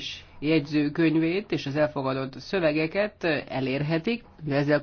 és jegyzőkönyvét és az elfogadott szövegeket elérhetik, ezzel